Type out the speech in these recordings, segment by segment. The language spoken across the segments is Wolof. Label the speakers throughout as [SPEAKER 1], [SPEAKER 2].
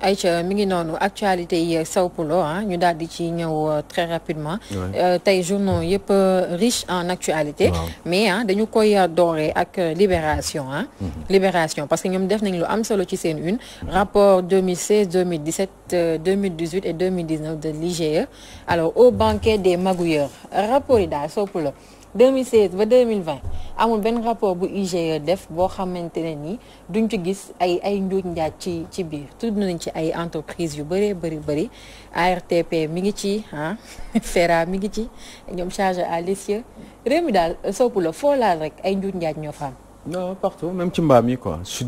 [SPEAKER 1] ay Aïcha mi ngi noonu actualité yi sawpulo ah, ñu daal di ci ñëw euh, très rapidement. Euh, tey journaux yëpp euh, riche en actualité. mais ah dañu koy dooree ak Libération ah. Mm-hmm. Libération parce que ñoom def nañ lu am solo ci seen une. Mm-hmm. rapport 2016 2017 2018 et 2019 de l'IGE alors au banquet des magouilleurs rapport yi daal sawpulo 2016 ba 2020. amul benn rapport bu IGE def boo xamante ne nii duñ ci gis ay ay njuuj njaaj ci ci biir tudd nañ ci ay entreprise yu bëree bari bari ARTP mi ngi ci ah FERA mi ngi ci ñoom chargé à l'essieu réew mi daal soppu la foo laal rek ay njuuj njaaj ñoo fa am.
[SPEAKER 2] non partout même ci mbaam yi quoi je suis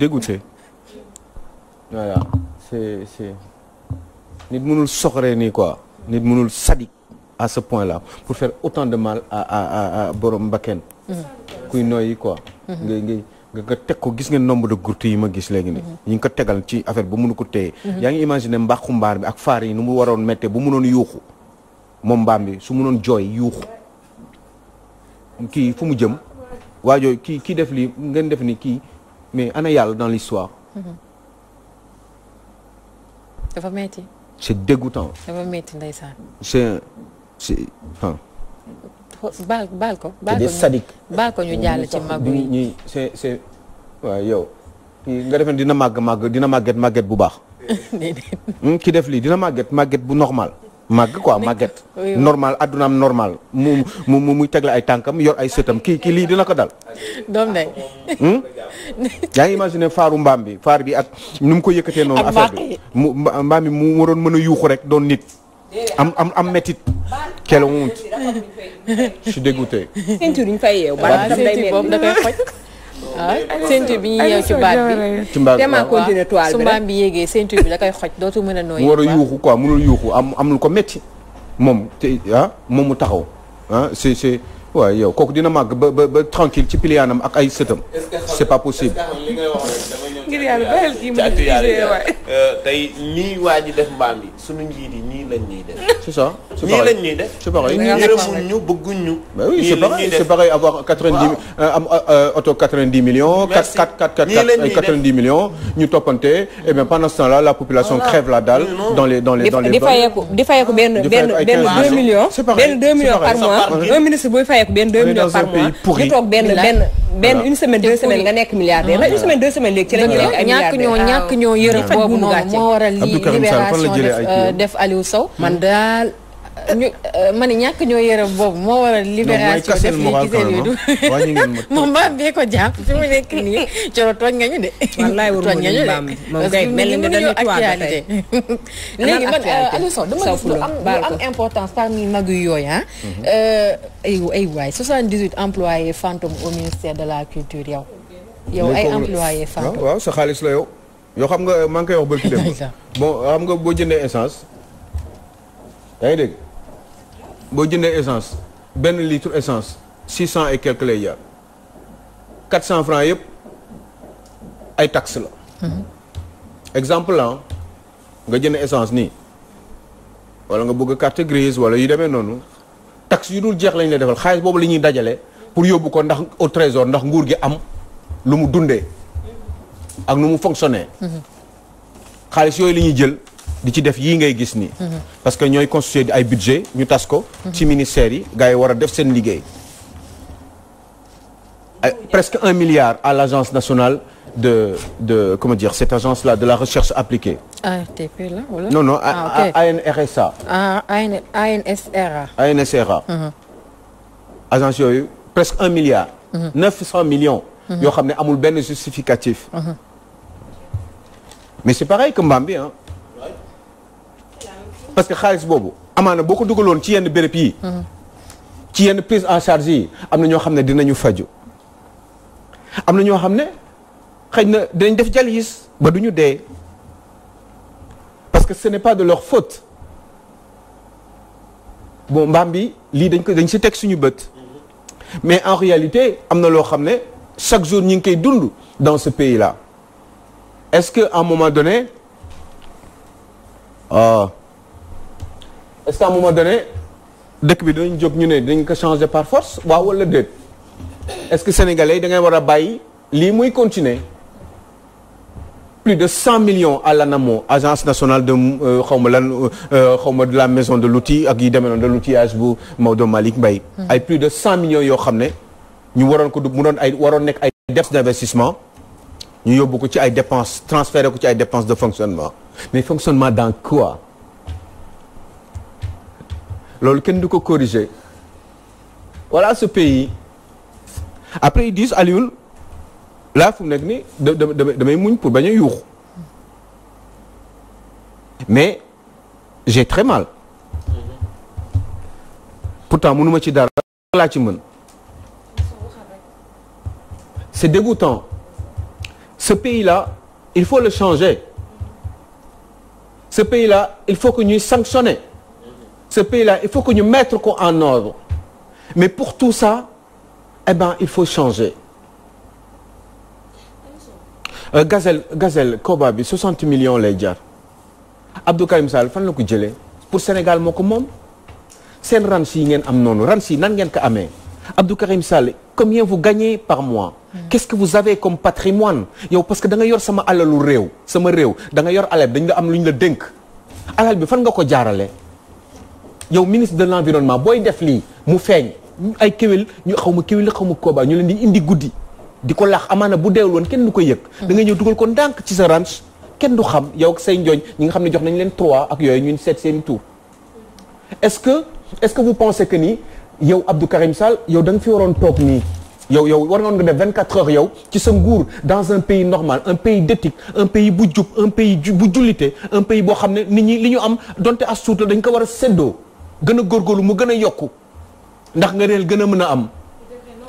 [SPEAKER 2] nit mënul soxree nii quoi nit mënul sadik à ce point là pour faire autant de mal à à à à borom mbakken. Mm. kuy nooyi quoi. Mhm. nga nga nga teg ko gis ngeen nombre de gouttes yi ma gis léegi nii. Mhm. ñu ngi ko tegal ci affaire bu mënu ko téye. Mhm. yaa ngi imaginer mbàqu mbaar bi ak faar yi nu mu waroon méttee bu mënoon yuuxu moom mbaam bi su mënoon jooy yuuxu kii fu mu jëm waajoo kii kii def lii ngeen def ni kii mais ana yàlla dans l'histoire dafa metti c'est dégoûtant
[SPEAKER 1] dafa metti ndeysaan
[SPEAKER 2] c'est c'est
[SPEAKER 1] baal baal ko. baal ko ñu baal ko ñu jàll ci mag yi
[SPEAKER 2] ñuy c'est c'est waaw yow. nga defoon dina màgg màgg dina màgget màgget bu baax. Hmm, ki def lii dina màgget màgget bu normal. màgg quoi màgget. normal addunaam normal mu mu muy tegle ay tànkam yor ay sëtam kii kii lii dina ko dal.
[SPEAKER 1] doom day. Hmm?
[SPEAKER 2] yaa ngi imaginer faaru mbaam bi faar bi ak nu mu ko yëkkatee noonu. affaire bi mu mbaam bi mu waroon mën a yuuxu rek doon nit. am am am métit quelle honte si suis dégoûté.
[SPEAKER 3] ceinture yi ñu fay yeew. baat bi day mel da koy xoj.
[SPEAKER 1] Ah, ceinture bi ñuy yeew ci baat bi.
[SPEAKER 3] ci mbaam bi
[SPEAKER 2] su mbaam
[SPEAKER 1] bi yéegee ceinture bi da koy dootu mën a nooyee. war a yuuxu
[SPEAKER 2] quoi mënul yuuxu am am lu ko métti moom te ah, moom mu taxaw ah c'est c'est waaw yow kooku dina màgg ba ba ba tranquille ci piliyaanam ak ay sëtam. c'est pas possible. ngir yàlla bàyyil kii mu ngi gisee waay euh, tey ñii waa ji def mbaam yi suñu njiit yi ñii lañ ñuy def. c'est ça ñii lañ ñuy def. c'est pareil yërëmuñ ñu bëgguñ ñu. ñii lañ ñuy def c'est pareil avoir quatre-vingt-dix euh, am auto euh, quatre-vingt-dix millions. merci quatre quatre quatre quatre quatre-vingt-dix millions. ñu toppante et eh bien pendant ce temps-là la population crève la dalle. dans les dans les dans les. di fayeeku
[SPEAKER 3] di fayeeku benn benn benn deux millions. c'est pareil benn deux millions par mois un ministre buy fayeeku benn deux millions par mois. ñu toog benn benn benn une semaine deux semaines nga nekk milliardaire. une semaine deux semaines léegi ci lañuy ñàkk ñoo ah, ñàkk
[SPEAKER 1] ñoo yërëm boobu noonu moo war li libération euh, def Aliou Sow hmm. man daal ñu euh, ñàkk ñoo yërëm boobu moo waral libération def li gisee yu du moom mbaam bee ko jàpp fi mu nekk nii coro tooñ nga am euh, lu am importance mag yu yooyu ah ay ay waay soixante-dix-huit employés fantôme au ministère de la culture yow
[SPEAKER 2] yow ay employé Fatou waaw sa xaalis la yow. yoo xam nga maa ngi koy wax ba ci dem bon xam nga boo jëndee essence. yaa ngi dégg boo jëndee essence benn litre essence six cent et quelque lay jaar quatre cent francs yëpp ay taxe la. Mm-hmm. exemple la nga jënd essence nii wala nga bugg carte grise wala yu demee noonu taxe yu dul jeex lañ lay defal xaalis boobu la ñuy dajale pour yóbbu ko ndax au trésor ndax nguur gi am. lu mu dundee ak nu mu fonctionner xaalis yooyu li ñuy jël di ci def yii ngay gis ni parce que ñooy constitué ay budget ñu tas ko ci ministères yi gars yi war a def seen liggéey presque un milliard à l'agence nationale de de comment dire cette agence là de la recherche appliquée.
[SPEAKER 1] ARTP là wala. non non ah,
[SPEAKER 2] ANSRA. Ah, mhm. agence yooyu presque un milliard. Mhm. neuf mm cent Mm-hmm. yoo xam ne amul benn justificatif mm-hmm. mais c'est pareil que mbaam bi ah parce que xaalis boobu amaana boo ko dugaloon ci yenn béréb yi mm-hmm. ci yenn prise en chargi am na ñoo xam ne dinañu faju am na ñoo xam ne xëy na dinañ def jalis ba duñu dee parce que ce n'est pas de leur faute bon mbaam bi lii dañ ko dañ si teg suñu bët mais en réalité am na loo xam ne chaque jour ñu ngi koy dund dans ce pays la est-ce que à un moment donné ah euh, est dëkk bi dinañ jóg ñu ne dinañ ko changer par force waaw wala déet est-ce que sénégalais yi da ngay war a bàyyi lii muy continuer plus de cent millions à l'ANAMO agence nationale de euh, xaw ma lan euh, xaw ma de la maison de l'outil ak yi demee noonu de l'outillage bu Maodo Malick Mbaye hmm. ay plus de millions yoo xam ñu waroon ko du mu doon ay waroon nekk ay dépenses d'investissement ñu yóbbu ko ci ay dépenses transféré ko ci ay dépense de fonctionnement mais fonctionnement dans quoi loolu kenn du ko corriger voilà ce pays après ils disent Alioune laa fu nekk ni da damay muñ pour bañ a yuux mais j'ai très mal pourtant mënuma ci dara laa ci mën c'est dégoûtant ce pays-là il faut le changer ce pays-là il faut que ñuy sanctionner ce pays-là il faut que ñu mettre ko en ordre mais pour tout ça eh ben il faut changer euh, gazel gazel koba bi 60 millions lay jar Abdou Karim Sall fan la ko jëlee pour Sénégal moo ko moom seen ranch yi ngeen am noonu ranch yi nan ngeen ko amee Abdou Karim Sall combien vous gagnez par mois qu'est-ce que vous avez comme patrimoine yow parce que da nga yor sama alalu réew sama réew da yor alal dañ la am lu ñu la dénk alal bi fan nga ko jaarale yow ministre de l'environnement booy def lii mu feeñ ay kéwél ñu xaw ma kéwél xaw ma koobaa ñu leen di indi guddi di ko laax amaana bu deewul woon kenn du ko yëg da nga ñëw dugal ko ndànk ci sa ranch kenn du xam yow ak say njooñ ñi nga xam ne jox nañ leen trois ak yooyu ñun seet seen tour est-ce que est-ce que vous pensez que ni yow Abdou Karim Sall yow da nga fi waroon toog nii yow yow war nga def vingt quatre heures yow ci sa nguur dans un pays normal un pays d'éthique un pays bu jub un pays bu jullite un pays boo xam ne nit ñi li ñu am donte as tuut la dañ ko war a séddoo gën a góorgóorlu mu gën a yokku ndax nga réel gën a mën a am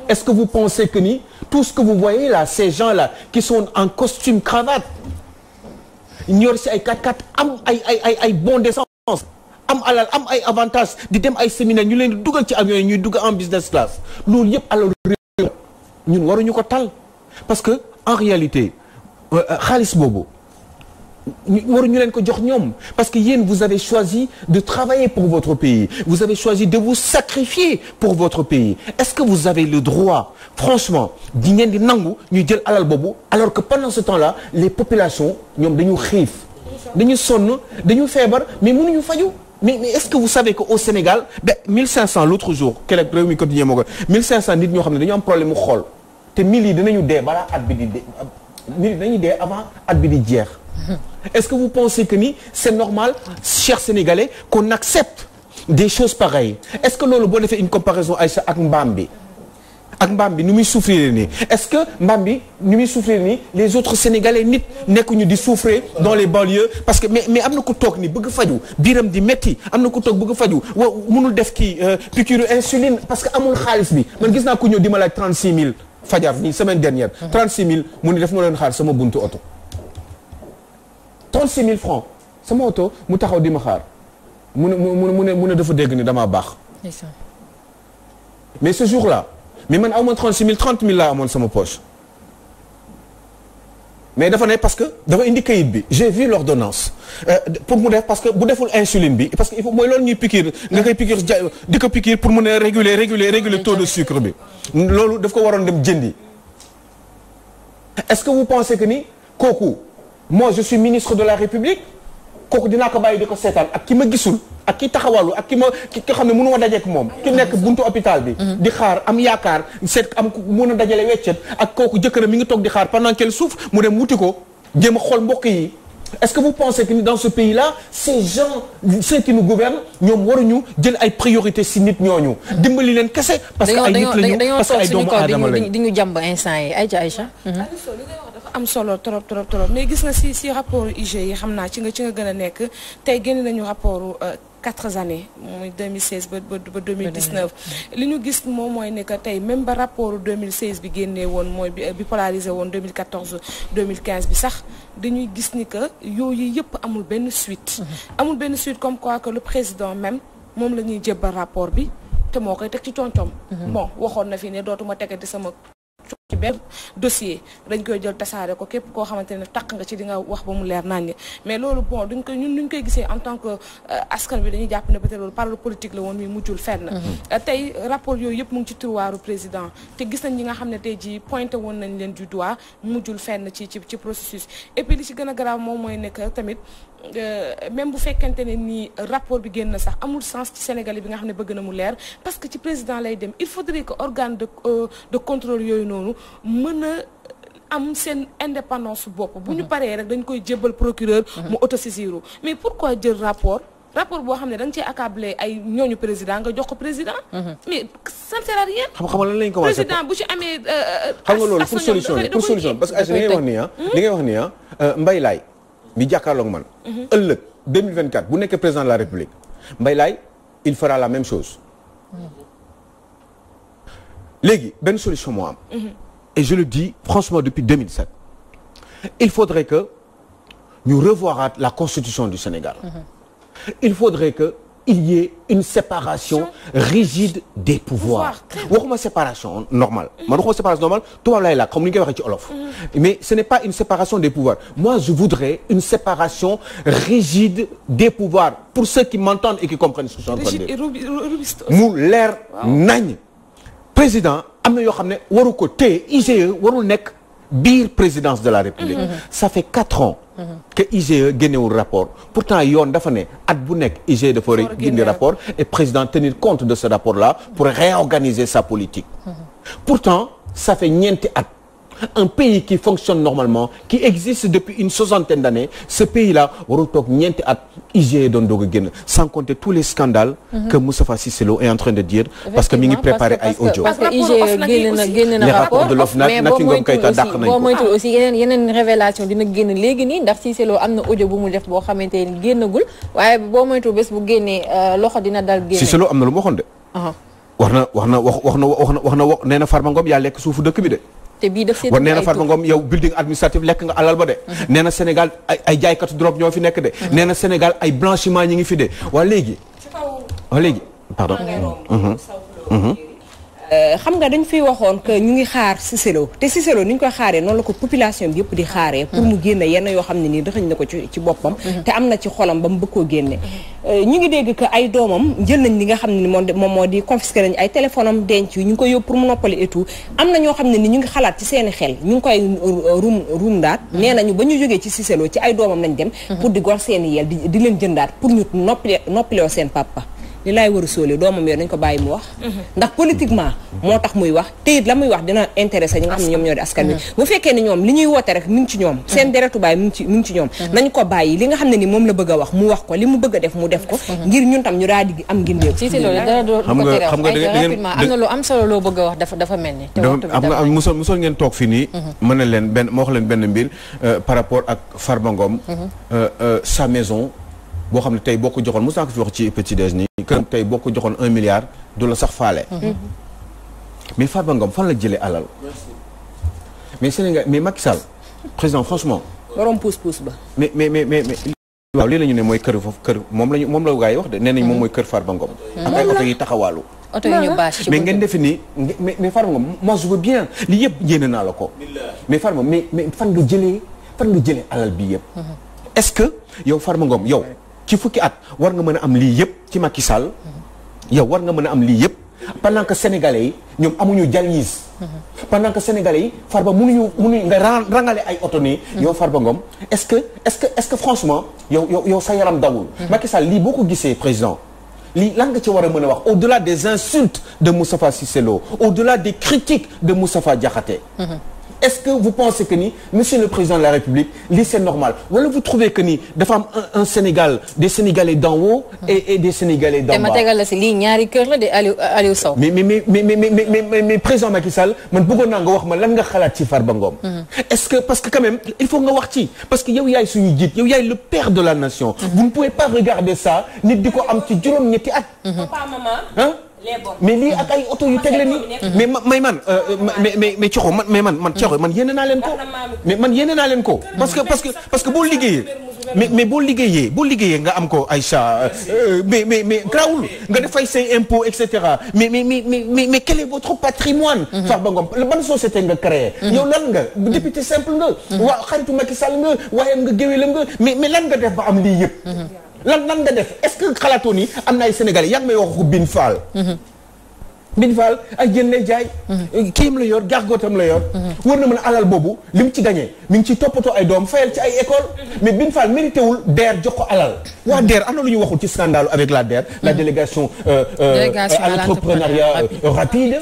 [SPEAKER 2] est-ce que vous pensez que ni tout ce que vous voyez la ces gens là qui sont en costume cravate ñor si ay 4 x am ay ay ay ay bon d'essence am alal am ay avantages di dem ay séminaire ñu leen dugal ci avion yi ñuy dugg en business class loolu yëpp alal ñun waruñu ko tal parce que en réalité euh, euh, xaalis boobu waruñu leen ko jox ñoom parce que yéen vous avez choisi de travailler pour votre pays vous avez choisi de vous sacrifier pour votre pays est-ce que vous avez le droit franchement di ngeen di nangu ñuy jël alal boobu alors que pendant ce temps-là les populations ñoom dañu xiif dañu sonn dañu feebar mais mu mënuñu faju mais mais est-ce que vous savez que au Sénégal de 1500 l'autre jour keroog réew mi quotidien moo ko 1500 nit ñoo xam ne dañu am problème mu xool te mille yi dinañu dee balaa at bi di dee mille yi dinañu dee avant at bi di jeex. est-ce que vous pensez que ni c'est normal chers Sénégalais qu'on accepte des choses pareilles est-ce que loolu boo defee une comparaison Aïcha ak mbaam bi. ak mbaam bi nu muy souffrir nii est-ce que mbaam bi nu muy souffrir nii les autres sénégalais nit nekkuñu di souffrir dans les banlieues parce que mais mais am na ko toog nii bëgg faju biiram di metti am na ko toog bëgg faju wa mënul def ki euh, piqûre insuline parce que amul xaalis bi man gis naa ku ñëw di ma laaj mille fajar nii semaine dernière 36000 mu ni def ma leen xaar sama buntu oto 36000 francs sama oto mu taxaw di ma xaar mu ne mu ne mu ne dafa dégg ni damaa baax mais ce jour-là mais man aw ma 36 000 30 000 laa amoon mais dafa ne parce que dafa indi kayit bi j'ai vu l'ordonnance euh, pour mu def parce que bu deful insuline bi parce que il faut mooy loolu ñuy piqûre nga koy piqûre ja di ko piqûre pour mun a réguler réguler taux de sucre bi loolu daf ko waroon dem jëndi est-ce que vous pensez que ni kooku moi je suis ministre de la République kooku dinaa ko bàyyi di ko seetaan ak ki ma gisul ak ki taxawalu ak ki ma ki xam ne mënu ma dajeek moom ki mm-hmm. nekk buntu hôpital bi mm-hmm. di xaar am yaakaar seet am mun a dajale weccet ak kooku jëkkëram mi ngi toog di xaar pendant qu'elle souffre mu dem wuti ko jéem xool mbokk yi est-ce que vous pensez que dans ce pays la ces gens ceux qui nous ñoom waruñu jël ay priorité si nit ñooñu mm-hmm. dimbali leen kese parce que ay nit lañu parce que ay doomu aadama lañu dañoo toog suñu di
[SPEAKER 1] ñu jàmb instant yi Aïcha Aïcha
[SPEAKER 4] am solo trop trop trop mais gis na si si rapport IG yi xam naa ci nga ci nga gën a nekk tey génn nañu rapport euh, quatre années muy 2016 ba ba 2019 li ñu gis moom mooy ne que tey même ba rapport 2016 bi génnee woon mooy bi polarisé woon 2014 2015 bi sax dañuy gis ni que yooyu yëpp amul benn suite. Mhm. amul benn suite comme quoi que le président même moom la ñuy jébbal rapport bi te moo koy teg ci tontom. Mhm. bon waxoon na fi ne dootuma tegati sama. ci benn dossier dañ koy jël tasaare ko képp koo xamante ne taq nga ci li nga wax ba mu leer naññ mais loolu bon duñ koy ñun duñ koy gisee en tant que euh, askan bi dañu jàpp ne peut-être loolu parole politique la woon muy mujjul fenn mm-hmm. euh, tey rapport yooyu yëpp mu ngi ci tiroiru président te gis nañ ñi nga xam ne tey ji pointé woon nañ leen du doigt mujjul fenn ci ci ci processus et li ci gën a garaaw moom mooy nekk tamit euh, même bu fekkente ne nii rapport bi génn sax amul sens ci bi nga xam ne bëgg na mu leer parce que ci président lay dem il faudrait que organe de yooyu noonu mën a am seen indépendance bopp bu ñu mhm. paree rek dañ koy jébbal procureur mhm. mu auto autosaisiru mais pourquoi jël rapport rapport boo xam ne da nga cee ay ñooñu président nga jox ko président. Mhm. mais xam xam lañ ko président bu ci amee. Euh, euh, xam nga loolu pour solution pour solution parce que as ah, li ngay wax nii ah. li
[SPEAKER 2] ngay wax nii ah Mbaye Laye bi jàkkaarloog man. ëllëg bu nekk président de la république mbaylaay il fera la même chose. léegi benn solution moo am. et je le dis franchement depuis 2007 il faudrait que ñu revoiraat la constitution du Sénégal mm-hmm. il faudrait que il y ait une séparation rigide des pouvoirs waxuma séparation normale man waxuma séparation normale tubaab laay laak xam ni ñu koy waxee ci olof mm-hmm. mais ce n'est pas une séparation des pouvoirs moi je voudrais une séparation rigide des pouvoirs pour ceux qui m'entendent et qui comprennent ce que je
[SPEAKER 4] suis en
[SPEAKER 2] train de président am yoo xam ne waru ko téye IGE warul nekk biir présidence de la république mhm. ça fait quatre ans que IGE génnewul rapport pourtant yoon dafa ne at bu nekk IGE dafa génne rapport et président tenir compte de ce rapport là pour réorganiser sa politique mhm. pourtant ça fait ñeenti at un pays qui fonctionne normalement qui existe depuis une soixantaine d'années ce pays là warul toog ñeenti at IGE doon doog a sans compter tous les scandales mhm. que Moustapha Cissé Lo est en train de dire parce que mi ngi préparé ay audio parce que IGE génn na génn na rapport de l'OFNAC Nafi Ngom Keïta dàq nañ ko boo moytu
[SPEAKER 1] aussi yeneen Lo am na audio bu mu def boo xamante ni génnagul waaye boo moytu bés bu génnee euh, loxo dina dal génne Cissé
[SPEAKER 2] am na lu mu waxoon wax na wax na wax wax na wax na yaa lekk suufu bi de
[SPEAKER 1] te bii daf see. war nee na Fatma
[SPEAKER 2] Ngom yow building administratif lekk nga alal ba de. Mm-hmm. nee na Sénégal ay ay jaaykatu drogue ñoo fi nekk de. Mm-hmm. nee na Sénégal ay blanchiment ñi ngi fi de waa léegi. waa léegi pardon.
[SPEAKER 3] Euh, xam nga dañ fiy waxoon que ñu ngi xaar Cissé Lo te Cissé Lo ni ñu koy xaaree noonu la ko population bi yëpp di xaaree pour mu génne yenn yoo xam ne nii dëxañ na ko ci ci boppam mhm. te am na ci xolam ba mu bëgg koo euh, ñu ngi dégg ay doomam jël nañ li nga xam ne ni moom moo di confisqué nañ ay téléphone am denc ñu ngi koy yóbbu pour mu noppali et am na ñoo xam ne ni ñu ngi xalaat ci seeni xel ñu ngi koy euh, ruum ruum daat mhm. nee nañu ba ñu jógee ci Cissé Lo ci ay doomam nañ dem mhm. pour di gor seeni yel di leen jëndaat pour ñu noppile noppiloo seen papa li laay war a sóole doomam yooyu nañ ko bàyyi mu wax mhm. ndax politiquement moo tax muy wax te it la muy wax dina intéressé ñi nga xam ne ñoom ñoo di askan bi bu fekkee ne ñoom li ñuy woote rek mi ngi ci ñoom mhm. seen deretu baay mi ngi ci ñoom mhm. nañ ko bàyyi li nga xam ne ni moom la bëgg a wax mu wax ko li mu bëgg a def mu def ko ngir ñun tam ñu daal di am ngindéew ci loolu dara doo xam nga
[SPEAKER 2] xam nga rapidement am na lu
[SPEAKER 1] am solo loo bëgg a wax dafa dafa mel ni am
[SPEAKER 2] nga ngeen toog fi nii benn moo wax leen euh, ak Farba Ngom euh, euh, sa maison boo xam ne tey boo ko joxoon mu sànq fi wax ci petit déj ni que tey boo ko joxoon un milliard du la sax faale. Mhm. Mhm. mais Farba Ngom fan la jëlee alal. mais Sénégal mais Macky Sall président franchement.
[SPEAKER 3] borom pousse-pousse ba.
[SPEAKER 2] mais mais mais mais. waaw lii la ñu ne mooy kër foofu kër moom la ñu moom la nee nañ moom mhm. mooy kër Farba Ngom. ak ay oto yi taxawaalu. oto yi ñu bâche ci mais ngeen defi nii yëpp yéene naa la ko. mais Farba mais mais fan nga jëlee fan nga alal bi yëpp. est-ce que yow Farba Ngom ci fukki at war nga mën a am lii yëpp ci Macky Sall yow war nga mën a am lii yëpp pendant que sénégalais yi ñoom amuñu dialyse pendant que sénégalais yi mu mënuñu mënuñu nga rangale ay oto nii yow Farba Ngom est-ce que est-ce que est-ce que franchement yow yow sa yaram dawul Macky lii boo ko gisee président lii lan nga ci war a mën a wax au-delà des insultes de Moustapha Cissé Lo au-delà des critiques de Moustapha Diakhaté est-ce que vous pensez que ni monsieur le président de la République lii c'est normal wala vous trouvez que ni dafa am un Sénégal des Sénégalais d'en haut et des Sénégalais d'en bas.
[SPEAKER 1] ñaari kër la de Aliou Aliou Sow.
[SPEAKER 2] mais mais mais mais mais mais mais président Macky Sall man bëggoon naa nga wax ma lan nga xalaat ci Farba Ngom. Mhm. est-ce que parce que quand même il faut nga wax ci parce que yow yaay suñu jiit yow yaay le père de la nation. Mhm. vous ne pouvez pas regarder ça nit di ko am ci juróom-ñetti
[SPEAKER 3] mais lii ak ay oto yu tegle nii
[SPEAKER 2] mais may man euh, euh, mais man mais man man coxo man yéene naa leen ko mais man yéene naa leen ko parce que parce que parce que boo liggéeyee mais mais boo liggéeyee boo liggéeyee nga am ko Aïcha euh, mais mais mais grawul nga def fay say impôts et cetera mais mais mais mais mais quel est votre patrimoine mhm. Farba Ngom ban société nga créé mhm. yow lan nga député simple nga mhm. waa xaritu Macky Sall nga waayam nga géwélam nga mais mais lan nga def ba am lii yëpp lan lan nga def est-ce que xalaatoon yi am na ay sénégalais yaa ngi may wax ko Bin Fall. Mhm. Bin Fall ay jëndee jaay. kiim la yor gargotam la yor. Mhm. war na mën a alal boobu li mu ci gagné mu ngi ci toppatoo ay doom fayal ci ay école mhm. mais Bin Fall mérité wul DER jox ko alal. waa DER am na lu ñu waxul ci scandale avec la DER. la délégation. Euh, euh, délégation à l'entrepreneuriat euh, rapide.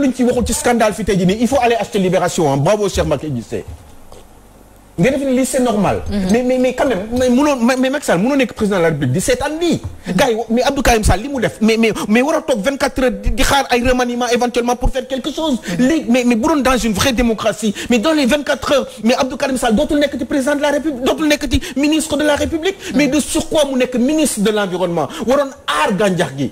[SPEAKER 2] lu ci waxul ci scandale fi tey jii nii il faut aller acheter Libération ah bravo Cheikh Mbacké Guissé. nga def ni lii c'est normal. Mhm. mais mais mais quand même mais munoo mais président la République di seetaan lii. Mhm. gars yi mais Abdou Karim Sall li mu mais mais mais war a toog 24 heures éventuellement pour faire quelque chose. Mhm. léegi mais mais bu doon dans mais dans les 24 heures mais Abdou Karim Sall président de la République dootul nekk ci ministre de la mais de surcroît mu nekk de l'environnement waroon aar gàncax gi.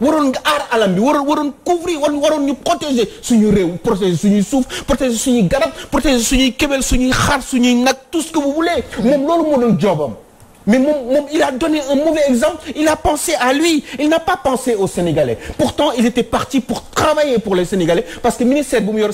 [SPEAKER 2] waroon nga bi waroon waroon couvrir waroon waroon ñu protéger suñu réew protéger suñuy suuf protéger suñuy garab protéger suñuy kebel suñuy xar suñuy nag tout ce que vous voulez moom loolu moo doon joobam mais moom il a donné un mauvais exemple il a pensé à lui il n'a pas pensé aux Sénégalais pourtant il était parti pour travailler pour les Sénégalais parce que ministère bu mu yor